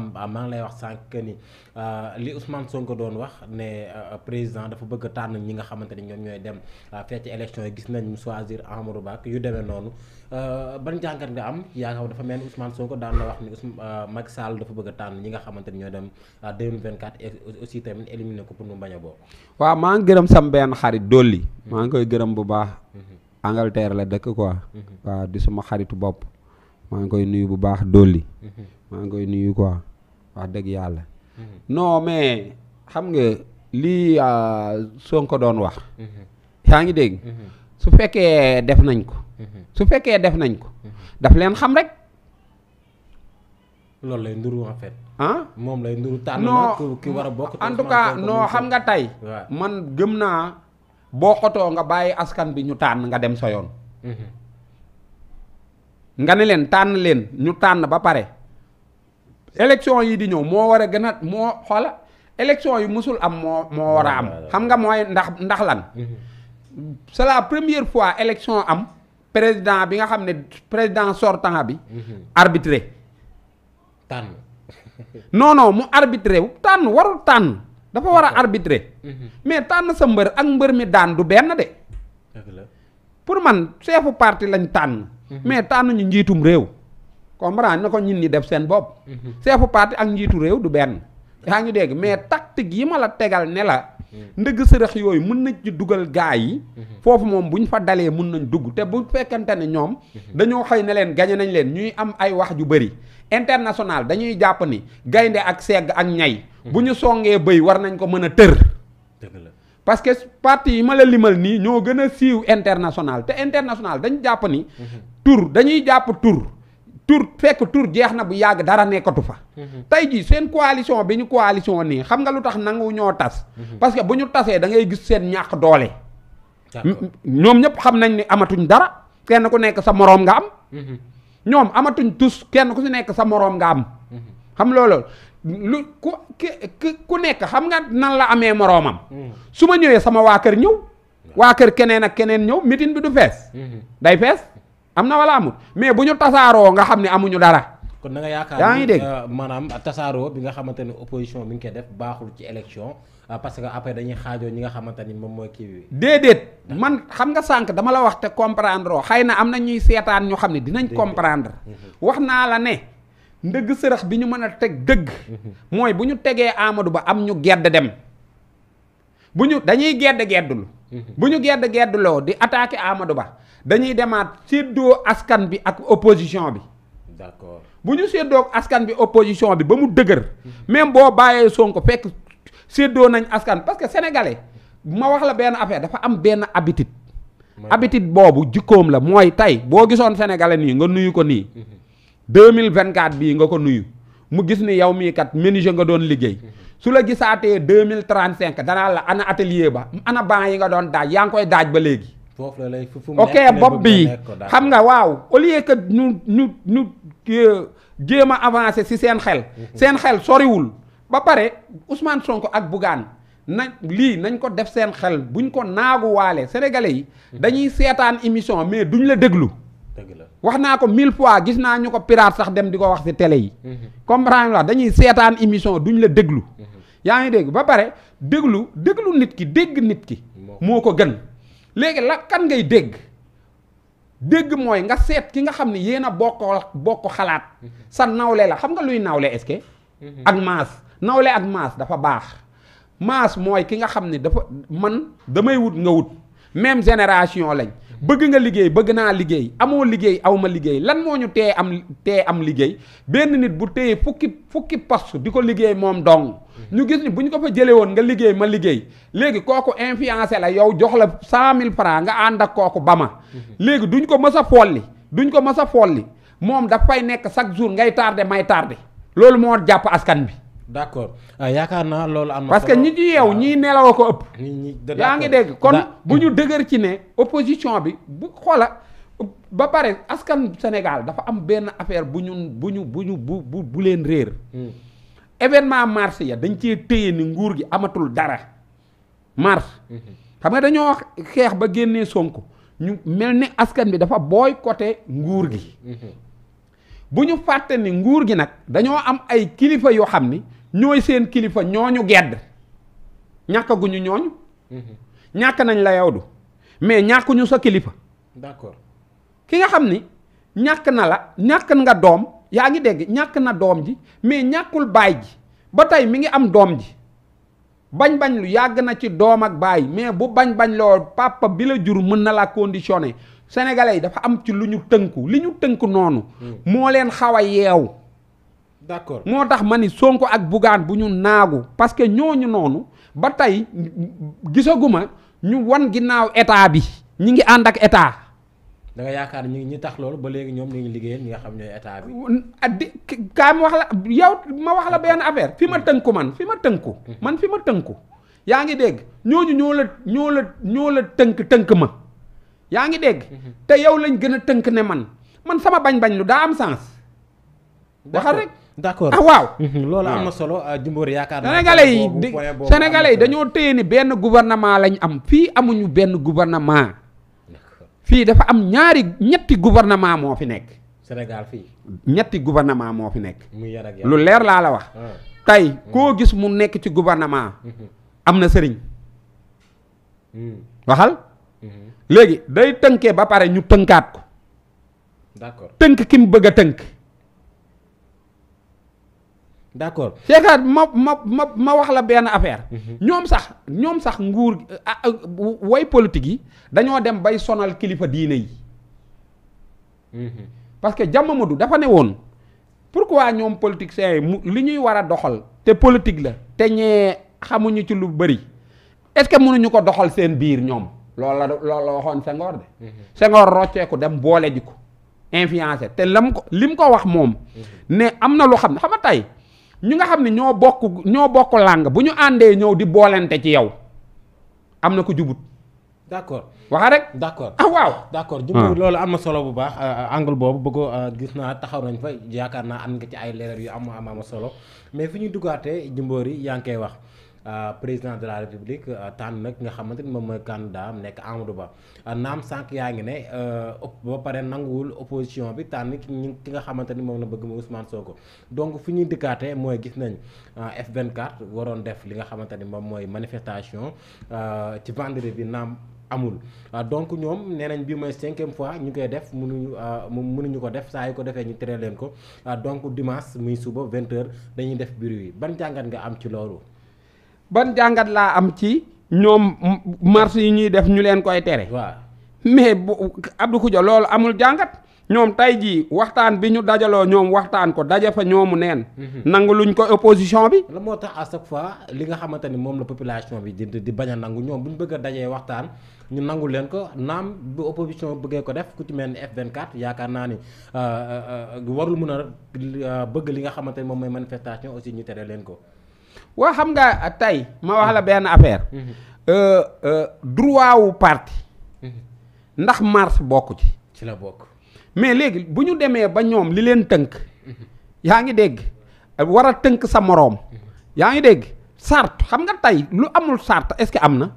maa ngi lay wax sànq ni euh, li Ousmane Sonko doon wax ne euh, président dafa bëgg tànn ñi nga xamante ni ñoom ñooy dem euh, fekk élection yi gis nañ mu choisir Amadou Ba yu deme noonu ban jàngat nga am yaa yaakaar dafa mel usman Ousmane Sonko daan la wax ni Ousmane Macky Sall dafa bëgg a tànn ñi nga xamante ni ñooy dem 2024 et aussi tamit éliminer ko pour mu bañ a bokk. waaw maa ngi gërëm sam benn xarit dolli. Mm-hmm. maa ngi koy gërëm bu baax. Mm-hmm. Angleterre la dëkk quoi. Mm-hmm. di suma xaritu bopp. maa ngi koy nuyu bu baax dolli. Mhm. maa ngi koy nuyu quoi wax dëgg yàlla. Mhm. noo mais xam nga lii ah, Sonko doon wax. Mhm. yaa ngi dégg. su fekkee def nañ ko. su fekkee def nañ ko. daf leen xam rek. loolu lay nduru fait. ah moom lay nduru ki war a en tout cas non xam nga tey. man gëm naa boo xotoo nga bàyyi askan bi ñu tànn nga dem sa yoon. nga ne leen tànn leen ñu tànn ba pare élection yi di ñëw moo war a gën a moo xoola élection yi musul am moo moo war a am xam nga mooy ndax ndax lan mhm. c'est la première fois élection am président bi nga xam ne président sortant bi mhm. arbitré tànn non non mu arbitré wu tànn warul tànn dafa war a arbitré mhm. mais tànn sa mbër ak mbër mi daan du benn de pour man chefu parti lañ tànn Mhm. mais tànn tànnuñu njiitum réew. comprendre na ko ñin ñi def seen bopp. Mhm. seefu parti ak njiitu réew du benn. yaa ngi dégg mais mhm. tactique yi ma la tegal ne la. ndëgg sërëx yooyu mën nañ ci dugal gaa yi. foofu moom bu ñu fa dalee mën nañ dugg te bu fekkente ne ñoom. dañoo xëy ne leen gañe nañ leen ñuy am ay wax ju bëri. international dañuy jàpp ni gaynde ak segg ak ñay. bu ñu songee bëy war nañ ko mën a tër. parce que parti yi ma la limal nii ñoo gën a siiw international te international dañu jàpp ni. tur dañuy jàpp tur tur fekk tur jeex na bu yàgg dara nekkatu fa. Mhm. tey jii seen coalition bi ñu coalition nii xam nga lu tax nangu ñoo tas. Mhm. parce que bu ñu tasee da ngay gis seen ñàkk doole. ñoom ñëpp xam nañ ni amatuñ dara kenn ku nekk sa moroom nga am. Mhm. ñoom amatuñ tus kenn ku si nekk sa moroom nga xam loolu lu ku ku nekk xam nga nan la amee moroomam. su ma ñëwee sama waa kër ñëw. waa kër keneen ak keneen ñëw mitin bi du fees. day fees. am na wala amut mais bu ñu tasaaroo nga xam ne amuñu dara. kon na nga yaa ngi dégg euh, maanaam tasaaroo bi nga xamante ne opposition bi nga koy def baaxul ci élection euh, parce que après dañuy xaajoo ñi nga xamante ni moom mooy kii bi. déedéet man xam nga sànq dama la wax te comprendre xëy na am na ñuy seetaan ñoo xam ne dinañ comprendre. Mhm. wax naa la ne ndëgg sërëx bi ñu mën a teg dëgg. Mhm. mooy bu ñu tegee Amadou Ba am ñu gedd dem. bu ñu dañuy gedd geddul. Mhm. bu ñu gedd gedduloo di attaqué Amadou Ba. dañuy demaat séddoo askan bi ak opposition bi. d'accord bu ñu séddoo askan bi opposition bi ba mu dëgër. même boo bàyyee Sonko fekk séddoo nañ askan parce que sénégalais ma wax la benn affaire dafa am benn habitude. habitude boobu jikkoom la mooy tey boo gisoon sénégalais nii nga nuyu ko nii. Mhm. mille 2024 bii nga ko nuyu mu gis ni yow mii kat menuisier nga doon liggéey. Mhm. su la gisaatee deux mille 2035 danaa la ana atelier ba ana ban yi nga doon daaj yaa ngi koy daaj ba léegi. foofu la lay fu mu ok bopp bi xam nga waaw au lieu que ñu ñu ñu euh, jéem a avancé si seen xel. Mhm. seen xel soriwul. ba pare Ousmane Sonko ak Bougane na lii nañ ko def seen xel buñ ko naaguwaale sénégalais yi. Mhm. dañuy seetaan émission mais duñ la déglu. dëgg la wax naa ko mille fois gis naa ñu ko pirate sax dem di ko wax si télé yi. Mhm. comprendre la dañuy seetaan émission duñ la déglu. yaa ngi dégg ba pare déglu déglu nit ki dégg nit ki. moo ko gën. léegi la kan ngay dégg dégg mooy nga seet ki nga xam ni yéen a bokk bokk xalaat mm-hmm. sa nawle la xam nga luy nawle est-ce mm-hmm. ak maas nawle ak maas dafa baax maas mooy ki nga xam ne dafa man damay wut nga wut même génération lañ mm-hmm. bëgg nga liggéey bëgg naa liggéey amoo liggéey awma liggéey lan moo ñu tee am tee am liggéey benn nit bu téye fukki fukki post di ko liggéey moom dong ñu gis ni bu ñu ko fa jëlee woon nga liggéey ma liggéey léegi kooku influencé la yow jox la cent mille francs nga ànd ak kooku ba ma mhm. léegi duñ ko mës a folli duñ ko mës a folli moom daf fay nekk chaque jour ngay tardé may tardé loolu moo jàpp askan bi. d'accord ah, yaakaar naa loolu am parce que ñi ci yeew ah. ñii nelaw ko ëpp. yaa ngi dégg kon bu ñu dëgër ci ne opposition bi bu xoola ba pare askan Sénégal dafa am benn affaire bu ñu bu ñu bu ñu bu bu leen réer. Hmm. événement mars ya dañ cee téye ni nguur gi amatul dara mars xam nga dañoo xeex ba génnee Sonko ñu mel ni askan bi dafa booy boycotté nguur gi bu ñu fàtte ni nguur gi nag dañoo am ay kilifa yoo xam ni ñooy seen kilifa ñooñu gedd ñàkkaguñu ñooñu ñàkk nañ la yow du mais ñàkkuñu sa kilifa d'accord ki nga xam ni ñàkk na la ñàkk nga doom yaa ngi dégg ñàkk na doom ji mais ñàkkul baay ji ba tey mi ngi am doom ji bañ-bañ lu yàgg na ci doom ak baay mais bu bañ-bañ loo papa bi la jur mën na la conditionné sénégalais yi dafa am ci lu ñu tënku li ñu tënku noonu. Hmm. moo leen xaw a yeew. d'accord moo tax ma ni sonku ak Bougane bu ñu naagu parce que ñooñu noonu ba tey gisaguma ñu wan ginnaaw état bi ñi ngi ànd ak état. da nga yaakaar ñi ñi tax loolu ba léegi ñoom ñu ngi ñi nga xam ñooy état bi. addi kaa ma wax la yow ma wax la benn affaire fi ma mm. tënku man fi ma tënku. Mm-hmm. man fi ma tënku. yaa ngi dégg ñooñu ñoo la ñoo la ñoo la tënk tënk ma. yaa ngi dégg. Mm-hmm. te yow lañ gën a tënk ne man man sama bañ-bañ lu daa am sens. waxal rek. d'accord ah waaw. Mm-hmm. loolu am na solo ah, Jimbori yaakaar naa. sénégalais yi sénégalais yi dañoo téye ni benn gouvernement lañ am fii amuñu benn gouvernement. fii dafa am ñaari ñetti gouvernement moo fi nekk. Sénégal fii. ñetti gouvernement moo fi nekk. lu leer laa la wax. Ah. tey hmm. koo gis mu nekk ci gouvernement. Hmm. am na sëriñ. Hmm. waxal. léegi day tënkee ba pare ñu tënkaat ko. d'accord tënk ki mu bëgg a tënk. d' accord seekaat ma ma ma ma wax la benn affaire. Mhm. ñoom sax ñoom sax nguur ah, ah, woy politique yi dañoo dem bay sonal kilifa diine yi. Mhm. parce que Dia Mamadou dafa ne woon pour pourquoi ñoom politiciens yi mu li ñuy war a doxal te politique la te ñee xamuñu ci lu bëri est ce que mënuñu ko doxal seen biir ñoom loolu la loolu waxoon sengoor de. Mhm. Senghor rocceeku dem boole di ko influencé te lam ko lim ko wax moom. ne am na lu xam ne xamatay ñi nga xam ne ñoo bokk ñoo bokk làng bu ñu àndee ñëw di boolente ci yow am na ko jubut. d'accord waxa rek. d'accord ah waaw. d'accord jubut ah. loolu am na solo bu baax euh, euh, angle boobu bëggoo euh, gis naa taxaw nañ fa yaakaar naa am nga ci ay leeral yu am am am solo mais fi ñu duggaatee jumboor yi yaa ngi koy wax. Euh, président de la république euh, tànn nag nga xamante ni moom mooy candidat am nekk Amadou Ba euh, naam sànq yaa ngi ne ba pare nanguwul opposition bi tànn ki nga xamante ni moom na bëgg mu Ousmane ko donc fi ñuy dëkkaate mooy gis nañ F24 waroon def li nga xamante ni moom mooy manifestation ci vendredi bi naam amul donc ñoom nee nañ bii mooy cinquième fois ñu koy def mënuñu mënuñu ko def saa yu ko defee ñu tere leen ko donc dimanche muy suba 20h dañuy def bureau yi ban jàngat nga am ci loolu. ban jàngat laa am ci ñoom marche yi ñuy def ñu leen koy tere. waaw mais bu Abdou Koudia loolu amul jàngat. ñoom tey jii waxtaan bi ñu dajaloo ñoom waxtaan ko daje fa ñoomu neen. Mhm. nangu luñ ko opposition bi. la moo tax à chaque fois li nga xamante ni moom la population bi di di bañ a nangu ñoom bu ñu bëgg a dajee waxtaan ñu nangu leen ko naam bu opposition bëggee ko def ku ci mel ni F24 yaakaar naa ni euh, euh, euh, warul mën a bëgg li nga xamante ni moom mooy manifestation aussi ñu tere leen ko. waa xam nga tey ma wax la benn affaire. Mhm. Euh, euh, droit wu parti. Mhm. ndax mars bokk ci. ci la bokk mais léegi bu ñu demee ba ñoom li leen tënk. Mhm. yaa ngi dégg war a tënk sa moroom. yaa ngi dégg sart xam nga tey lu amul sart est-ce que am na.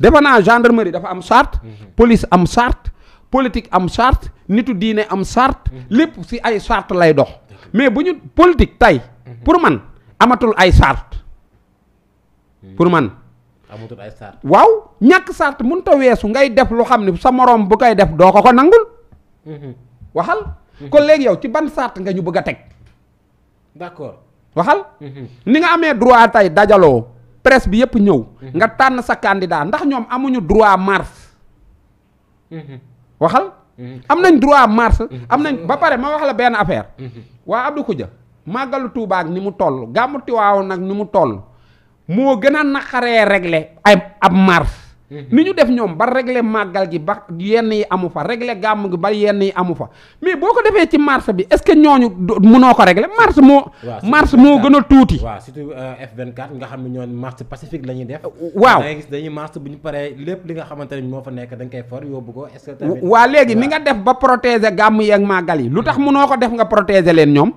defe naa gendarmerie dafa am sart. police am sart. politique am charte nitu diine am charte lépp ci ay charte lay dox mais bu ñu politique tey pour man amatul ay sart hmm. pour man. amatul ay waaw ñàkk sart mënut a weesu ngay def lu xam ne sa moroom bu koy def doo ko ko nangul. Hmm. waxal. Hmm. ko léegi yow ci ban sart nga ñu bëgg a teg. d'accord waxal. ni nga amee droit tey dajaloo presse bi yëpp ñëw. nga tànn sa candidat ndax ñoom amuñu droit mars. waxal. am nañ droit mars. am nañ ba pare ma wax la benn affaire. waa Abdou Koudia. màggalu Tuubaa ak ni mu toll gàmmu Tiwaawoon nag ni mu toll moo gën a naqaree regle ay ab mars mhm. ni ñu def ñoom ba régler màggal gi ba yenn yi amu fa régler gàmm gi ba yenn yi amu fa mais boo ko defee ci mars bi est-ce que ñooñu mënoo ko régler mars moo mars moo gën a tuuti waaw surtout euh, F24 nga xam ne ñoon mars pacifique la ñuy def euh, waaw da ngay gis bu ñu paree lépp li nga xamante ne moo fa nekk dañ koy for yóbbu ko est-ce que waaw léegi ni nga def ba protéger gàmm yi ak màggal yi lu tax mhm. munoo ko def nga protéger leen ñoom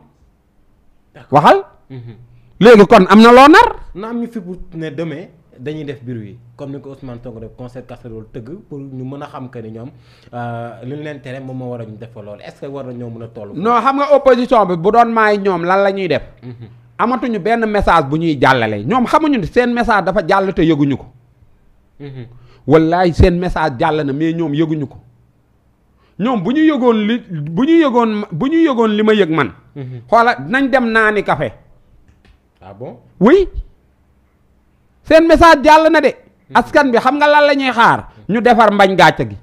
waxal. Mhm. léegi kon am na loo nar. naa am ñu fi bu ne demee dañuy def biir wi comme ni ko Ousmane Sonko def concert casserole tëgg pour ñu mën a xam que ñoom euh, li ñu leen tere moom moo war a ñu def fa loolu est-ce que war na ñoo mën a toll. noo xam nga opposition bi bu doon maay ñoom lan la ñuy def. Mhm. amatuñu benn message bu ñuy jàllalee ñoom xamuñu ni seen message dafa jàll te yëguñu ko. Mhm. wallaay seen message jàll na mais ñoom yëguñu ko. ñoom bu ñu yëgoon li bu ñu yëgoon bu ñu yëgoon li ma yëg man. Mhm. xoola nañ dem naani café ah bon oui seen message jàll na de. Mhm. askan bi xam nga lan la ñuy xaar. ñu defar mbañ gàcce gi.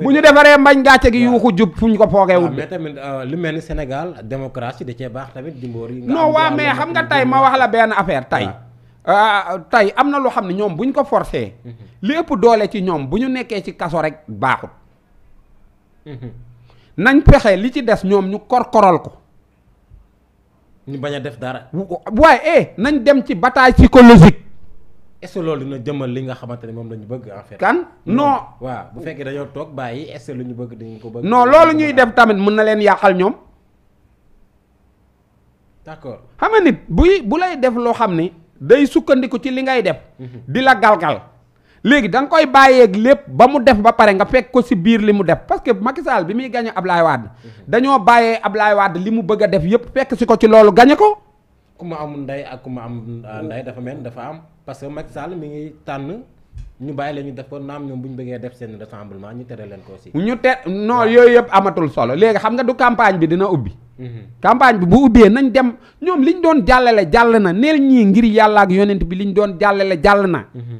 bu ñu defaree mbañ gàcce gi yuuxu jub fu ñu ko foogee ah, wut. mais tamit euh, lu mel ni Sénégal démocratie da cee baax tamit dimboor yi. non mais xam nga tey ma wax la benn affaire tey. Euh, tey am na loo xam ne ñoom bu ñu ko forcé mhm. li ëpp doole ci ñoom bu ñu nekkee ci kaso rek baaxut. nañ fexe li ci des ñoom ñu kor koral ko. ñu bañ a def dara. waaye eh nañ dem ci bataille ci est-ce que loolu dina jëmal li nga xamante ne moom lañu bëgg en fait. kan non waaw bu fekkee dañoo toog bàyyi est lu ñu bëgg dañu ko bëgg. noo loolu ñuy def tamit mën na leen yàqal ñoom. d'accord xam nga buy bu lay def loo xam ni day sukkandiku ci li ngay def. Mhm. di la galgal léegi danga koy bàyyeek lépp ba mu def ba pare nga fekk ko si biir li mu def parce que Macky Sall bi muy gagné Ablaye Wade dañoo bàyyee Ablaye Wade li mu bëgg a def yëpp fekk si ko ci loolu gagné ko. ku ma amul ndey ak ku ma am ah, ndey dafa mel dafa am parce que Macky Sall mi ngi tànn ñu bàyyi leen ñu def ko naam ñoom bu ñu bëggee def seen rassemblement ñu tere leen ko si ñu te non yooyu yëpp amatul solo léegi xam nga du campagne bi dina ubbi. Mhm. campagne bi bu ubbee nañ dem ñoom li ñu doon jàllale jàll na neel ñii ngir yàlla ak yonent bi li ñu doon jàllale jàll na. Mhm.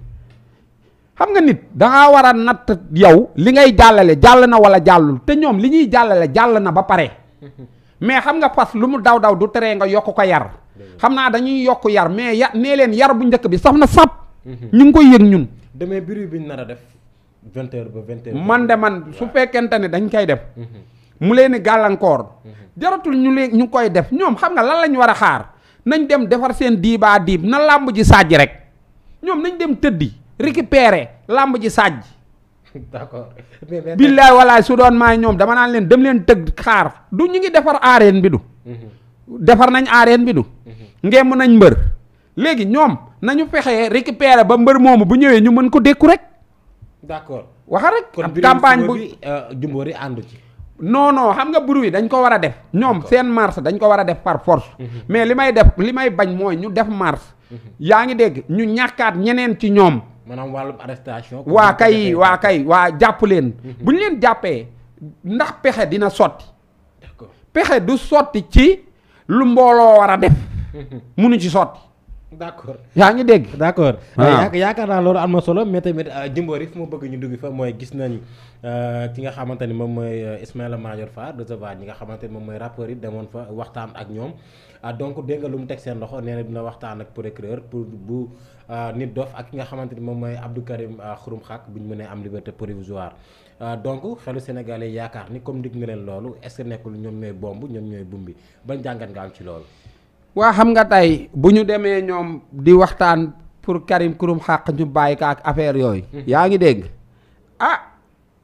xam nga nit dangaa war a natt yow li ngay jàllale jàll na wala jàllul te ñoom li ñuy jàllale jàll na ba pare mais xam nga fas lu mu daw daw du teree nga yokk ko yar xam naa dañuy yokk yar mais ya nee leen yar bu njëkk bi saf na sap mhm. ñu ngi koy yëg ñun demee biru bi nar a def vingt heures man de man su fekkente ne dañ koy def mhm. mu leen gàllankoor mhm. jaratul ñu leen ñu koy def ñoom xam nga lan lañ war a xaar nañ dem defar seen diibaa diib na làmb ji sàjj rek ñoom nañ dem tëddi récupérer làmb ji sàjj d'accord billaay walaay su doon maay ñoom dama naan leen dem leen tëgg xaar du ñu ngi defar arène bi du mhm. defar nañ arène bi du mhm. ngeem nañ mbër léegi ñoom nañu fexee récupérer ba mbër moomu bu ñëwee ñu mën ko dékku rek d'accord waxa rek ab campagne bu jumboor yi euh, àndu ci non non xam nga bruit dañ ko war a def ñoom seen marche dañ ko war a def par force mhm. mais li may def li may bañ mooy ñu def marche yaa ngi dégg ñu ñàkkaat ñeneen ci ñoom naa wàllu arrestation. waa kay waa kay waa jàpp leen. Mhm. bu ñu leen jàppee ndax pexe dina sotti. d'accord pexe du sotti ci lu mbooloo war a def. Mhm. munu ci sotti. d'accord yaa ngi dégg. d'accord eh, yaakaar naa loolu am na solo mais tamit euh, Jimbori fi ma bëgg ñu dugg fa mooy gis nañu euh, ki nga xamante ni moom mooy euh, Ismaïla fa Fall recevoir ñi nga xamante ni moom mooy rappeurs yi demoon fa waxtaan ak ñoom ah, donc dégg lu mu teg seen loxo nee dina waxtaan ak procureur pour bu Euh, nit dof ak ki nga xamante ni moom mooy Abdou Karim euh, Xurum Xaq bu ñu mënee am liberté provisoire euh, donc xelu sénégalais yaakaar ni comme dig nga leen loolu est ce que nekkul ñoom ñooy bomb ñoom ñooy bumbi ban jàngat nga am ci loolu. waa xam nga tey bu ñu demee ñoom di waxtaan pour Karim Xurum Xaq ñu bàyyi ko ak affaire yooyu. Hmm. yaa ngi dégg ah.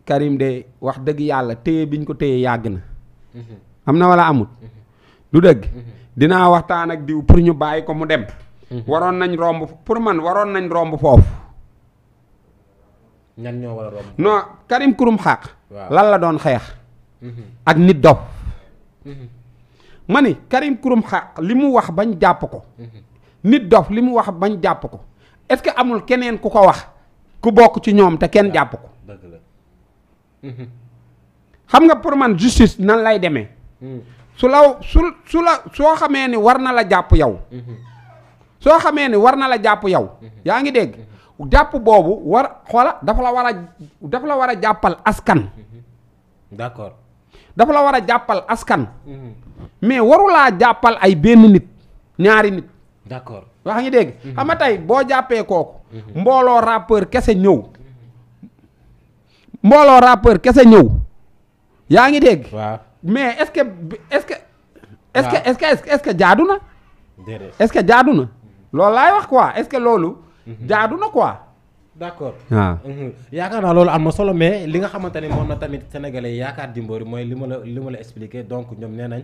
Karim de wax dëgg yàlla téye biñ ko téye yàgg na. Hmm. am na wala amut. Hmm. du dëgg. dinaa waxtaan ak diw pour ñu bàyyi ko mu dem. Mhm. waroon nañ romb pour man waroon nañ romb foofu. ñan ñoo war a Karim Kurum xaq. lan la doon xeex. Mhm. ak nit dof. Mhm. ma ni Karim Kurum xaq li mu wax bañ jàpp ko. nit dof li mu wax bañ jàpp ko est-ce que amul keneen ku ko wax ku bokk ci ñoom te kenn jàpp ko. xam nga pour man justice nan lay demee. su la su su la soo xamee ni war na la jàpp yow. soo xamee ni war na la jàpp yow mhm. yaa ngi dégg mhm. jàpp boobu war xoola dafa la war a dafa la war a jàppal askan mhm. d'accord dafa la war a jàppal askan mais warulaa jàppal ay benn nit ñaari nit d'accord wax ngi dégg xam nga tey boo jàppee kooku mbooloo rappeur kese ñëw mbooloo rappeur kese ñëw yaa ngi dégg waaw mais est-ce que est-ce est-ce que est-ce que est-ce jaadu na est-ce que jaadu na loolu laay wax quoi est-ce que loolu. Mhm. jaadu na quoi. d'accord waaw. Ah. Mhm. yaakaar naa loolu am na solo mais li nga xamante ni moom na tamit sénégalais yi yaakaar Dembori mooy li ma la li ma la expliqué donc ñoom nee nañ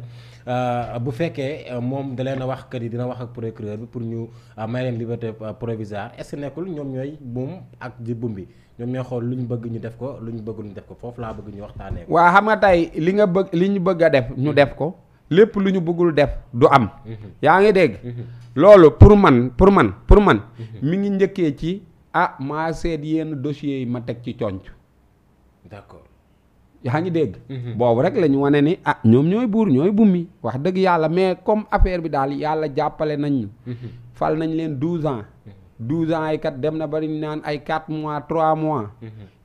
euh, bu fekkee euh, moom da leen a wax kër yi dina wax ak procureur bi pour ñu euh, may leen liberté provisoire est-ce nekkul ñoom ñooy moom ak ji buum bi ñoom ñooy xool lu ñu bëgg ñu def ko lu ñu bëggul ñu def ko foofu laa bëgg ñu waxtaanee. waa xam nga tey li nga bëgg li ñu bëgg a def ñu mhm. def ko. lépp lu ñu bëggul def du am. Mm-hmm. yaa ngi dégg. Mm-hmm. loolu pour man pour man pour man. Mm-hmm. mi ngi njëkkee ci ah maa seet yenn dossiers yi ma teg ci conc d'accord yaa ngi dégg. boobu rek la ñu wane ni ah ñoom ñooy buur ñooy bummi wax dëgg yàlla mais comme affaire bi daal yàlla jàppale nañ fal nañ leen douze ans. douze ans ay kat dem na bari naan ay quatre mois trois mois.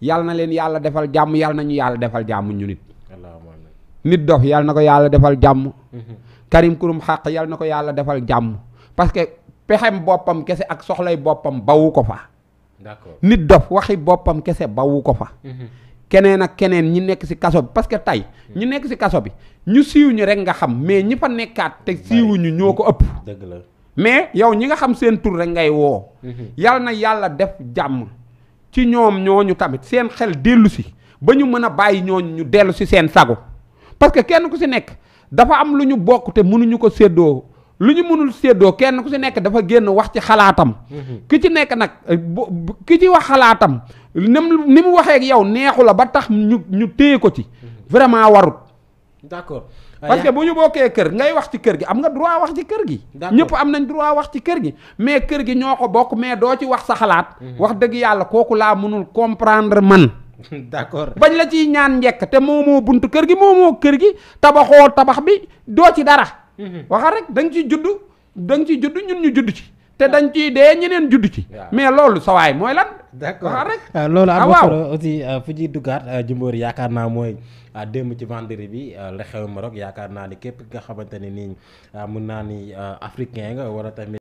yàlla na leen yàlla defal jàmm yàlla na ñu yàlla defal jàmm ñu nit. nit dof yal na ko yàlla defal jàmm. Mhm. Karim Kurum xàq yal na ko yàlla defal jàmm parce que pexem boppam kese ak soxlay boppam bawu ko fa. d'accord nit dof waxi boppam kese bawu ko fa. Mhm. keneen ak keneen ñi nekk ci kaso bi parce que tey ñi mhm. nekk ci kaso bi ñu siiw ñu rek nga xam mais ñi fa nekkaat te siiwuñu ñoo ko ëpp. dëgg la mais yow ñi nga xam seen tur rek ngay woo. yal na yàlla def jàmm ci ñoom ñooñu tamit seen xel dellu si ba ñu mën a bàyyi ñooñu ñu dellu si seen sago. parce que kenn ku si nekk dafa am lu ñu bokk te mënuñu ko séddoo lu ñu mënul séddoo kenn ku si nekk dafa génn wax ci xalaatam. Mhm. ki ci nekk nag eh, ki ci wax xalaatam ni mu waxee yow neexu la ba tax ñu ñu téye ko ci. Mhm. vraiment warut. d'accord. parce que ah, bu ñu bokkee kër ngay wax ci kër gi am nga droit wax ci kër gi ñëpp am nañ droit wax ci kër gi mais kër gi ñoo ko bokk mais doo ci wax sa xalaat mhm. wax dëgg yàlla kooku laa mënul comprendre man d'accord bañ la ciy ñaan njekk te moo buntu kër gi moomoo kër gi tabaxoo tabax bi doo ci dara mhm. waxal rek da nga ciy judd da nga ciy judd ñun ñu judd ci te ah. dañ ci dee ñeneen juddu ci mais loolu sawaay mooy lan d'accord waxal rek ah, loolu am ah, na aussi fu ciy duggaat Jimbori yaakaar naa mooy démb ci vendredi bi la xew Maroc yaakaar naa ni képp nga xamante ne nii mun naa ni africain nga war a tamit